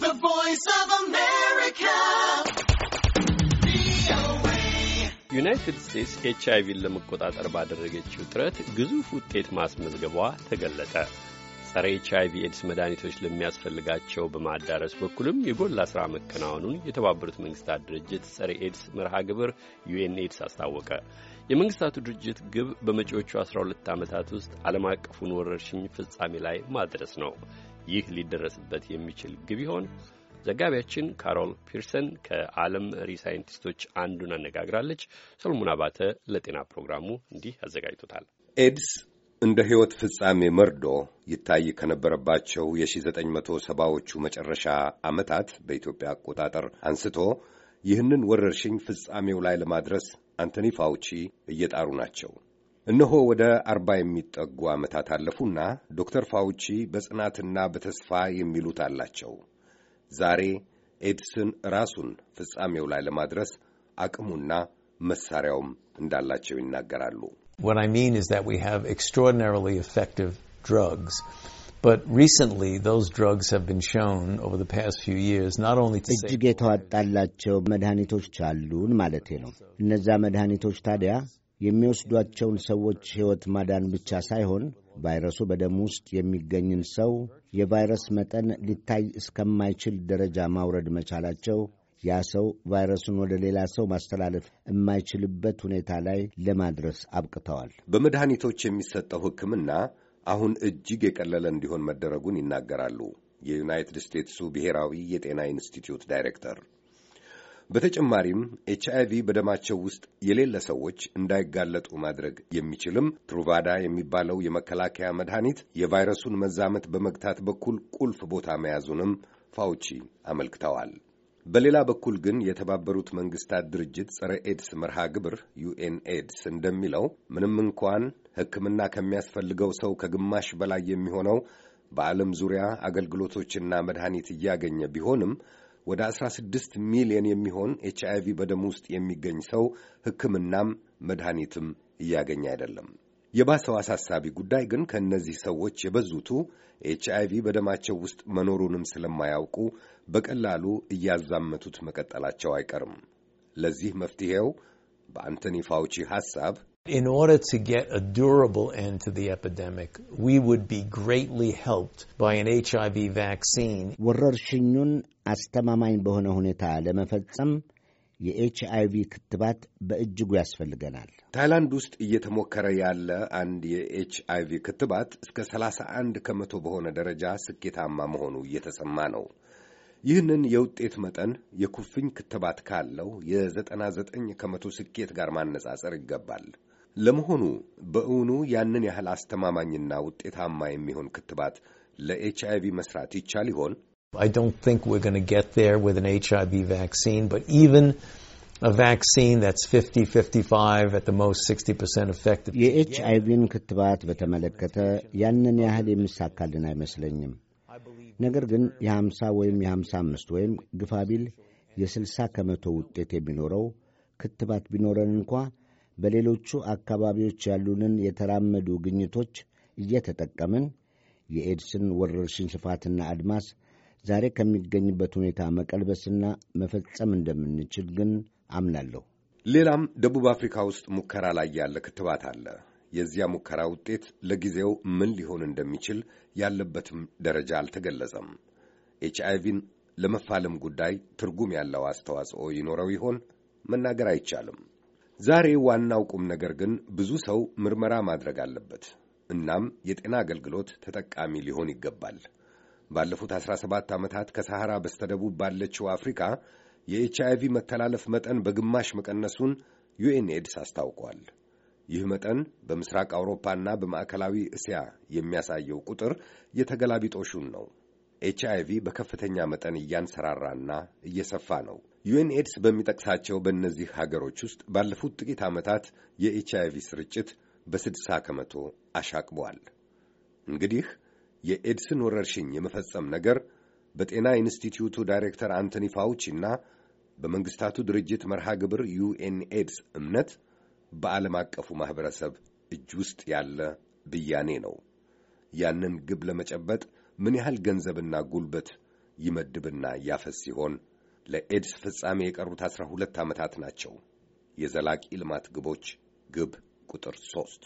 The Voice of America. ዩናይትድ ስቴትስ ኤች አይቪን ለመቆጣጠር ባደረገችው ጥረት ግዙፍ ውጤት ማስመዝገቧ ተገለጠ። ጸረ ኤች አይቪ ኤድስ መድኃኒቶች ለሚያስፈልጋቸው በማዳረስ በኩልም የጎላ ሥራ መከናወኑን የተባበሩት መንግስታት ድርጅት ጸረ ኤድስ መርሃ ግብር ዩኤን ኤድስ አስታወቀ። የመንግስታቱ ድርጅት ግብ በመጪዎቹ 12 ዓመታት ውስጥ ዓለም አቀፉን ወረርሽኝ ፍጻሜ ላይ ማድረስ ነው። ይህ ሊደረስበት የሚችል ግብ ይሆን? ዘጋቢያችን ካሮል ፒርሰን ከዓለም ሪ ሳይንቲስቶች አንዱን አነጋግራለች። ሰሎሞን አባተ ለጤና ፕሮግራሙ እንዲህ አዘጋጅቶታል። ኤድስ እንደ ሕይወት ፍጻሜ መርዶ ይታይ ከነበረባቸው የ1970ዎቹ መጨረሻ ዓመታት በኢትዮጵያ አቆጣጠር አንስቶ ይህንን ወረርሽኝ ፍጻሜው ላይ ለማድረስ አንቶኒ ፋውቺ እየጣሩ ናቸው። እነሆ ወደ አርባ የሚጠጉ ዓመታት አለፉና ዶክተር ፋውቺ በጽናትና በተስፋ የሚሉት አላቸው። ዛሬ ኤድስን ራሱን ፍጻሜው ላይ ለማድረስ አቅሙና መሳሪያውም እንዳላቸው ይናገራሉ። እጅግ የተዋጣላቸው መድኃኒቶች አሉን ማለቴ ነው። እነዛ መድኃኒቶች ታዲያ የሚወስዷቸውን ሰዎች ሕይወት ማዳን ብቻ ሳይሆን ቫይረሱ በደም ውስጥ የሚገኝን ሰው የቫይረስ መጠን ሊታይ እስከማይችል ደረጃ ማውረድ መቻላቸው ያ ሰው ቫይረሱን ወደ ሌላ ሰው ማስተላለፍ የማይችልበት ሁኔታ ላይ ለማድረስ አብቅተዋል። በመድኃኒቶች የሚሰጠው ሕክምና አሁን እጅግ የቀለለ እንዲሆን መደረጉን ይናገራሉ የዩናይትድ ስቴትሱ ብሔራዊ የጤና ኢንስቲትዩት ዳይሬክተር። በተጨማሪም ኤች አይቪ በደማቸው ውስጥ የሌለ ሰዎች እንዳይጋለጡ ማድረግ የሚችልም ትሩቫዳ የሚባለው የመከላከያ መድኃኒት የቫይረሱን መዛመት በመግታት በኩል ቁልፍ ቦታ መያዙንም ፋውቺ አመልክተዋል። በሌላ በኩል ግን የተባበሩት መንግስታት ድርጅት ጸረ ኤድስ መርሃ ግብር ዩኤን ኤድስ እንደሚለው ምንም እንኳን ሕክምና ከሚያስፈልገው ሰው ከግማሽ በላይ የሚሆነው በዓለም ዙሪያ አገልግሎቶችና መድኃኒት እያገኘ ቢሆንም ወደ 16 ሚሊዮን የሚሆን ኤች በደም ውስጥ የሚገኝ ሰው ሕክምናም መድኃኒትም እያገኘ አይደለም። የባሰው አሳሳቢ ጉዳይ ግን ከእነዚህ ሰዎች የበዙቱ ኤች ቪ በደማቸው ውስጥ መኖሩንም ስለማያውቁ በቀላሉ እያዛመቱት መቀጠላቸው አይቀርም። ለዚህ መፍትሔው በአንቶኒ ፋውቺ ሐሳብ In order to get a durable end to the epidemic, we would be greatly helped by an HIV vaccine. ወረርሽኙን አስተማማኝ በሆነ ሁኔታ ለመፈጸም የኤችአይቪ ክትባት በእጅጉ ያስፈልገናል። ታይላንድ ውስጥ እየተሞከረ ያለ አንድ የኤችአይቪ ክትባት እስከ 31 ከመቶ በሆነ ደረጃ ስኬታማ መሆኑ እየተሰማ ነው። ይህንን የውጤት መጠን የኩፍኝ ክትባት ካለው የ99 ከመቶ ስኬት ጋር ማነጻጸር ይገባል። ለመሆኑ በእውኑ ያንን ያህል አስተማማኝና ውጤታማ የሚሆን ክትባት ለኤች አይ ቪ መስራት ይቻል ይሆን? የኤች አይ ቪን ክትባት በተመለከተ ያንን ያህል የሚሳካልን አይመስለኝም። ነገር ግን የ50 ወይም የ55 ወይም ግፋቢል የ60 ከመቶ ውጤት የሚኖረው ክትባት ቢኖረን እንኳ በሌሎቹ አካባቢዎች ያሉንን የተራመዱ ግኝቶች እየተጠቀምን የኤድስን ወረርሽኝ ስፋትና አድማስ ዛሬ ከሚገኝበት ሁኔታ መቀልበስና መፈጸም እንደምንችል ግን አምናለሁ። ሌላም ደቡብ አፍሪካ ውስጥ ሙከራ ላይ ያለ ክትባት አለ። የዚያ ሙከራ ውጤት ለጊዜው ምን ሊሆን እንደሚችል ያለበትም ደረጃ አልተገለጸም። ኤች አይቪን ለመፋለም ጉዳይ ትርጉም ያለው አስተዋጽኦ ይኖረው ይሆን? መናገር አይቻልም። ዛሬ ዋናው ቁም ነገር ግን ብዙ ሰው ምርመራ ማድረግ አለበት። እናም የጤና አገልግሎት ተጠቃሚ ሊሆን ይገባል። ባለፉት 17 ዓመታት ከሰሐራ በስተደቡብ ባለችው አፍሪካ የኤች አይቪ መተላለፍ መጠን በግማሽ መቀነሱን ዩኤንኤድስ አስታውቋል። ይህ መጠን በምስራቅ አውሮፓና በማዕከላዊ እስያ የሚያሳየው ቁጥር የተገላቢጦሹን ነው። ኤች ቪ በከፍተኛ መጠን እያንሰራራና እየሰፋ ነው። ዩኤን ኤድስ በሚጠቅሳቸው በእነዚህ ሀገሮች ውስጥ ባለፉት ጥቂት ዓመታት የኤች ቪ ስርጭት በስድሳ ከመቶ አሻቅቧል። እንግዲህ የኤድስን ወረርሽኝ የመፈጸም ነገር በጤና ኢንስቲትዩቱ ዳይሬክተር አንቶኒ ፋውቺ እና በመንግሥታቱ ድርጅት መርሃ ግብር ዩኤን ኤድስ እምነት በዓለም አቀፉ ማኅበረሰብ እጅ ውስጥ ያለ ብያኔ ነው። ያንን ግብ ለመጨበጥ ምን ያህል ገንዘብና ጉልበት ይመድብና ያፈስ ሲሆን ለኤድስ ፍጻሜ የቀሩት አስራ ሁለት ዓመታት ናቸው። የዘላቂ ልማት ግቦች ግብ ቁጥር ሦስት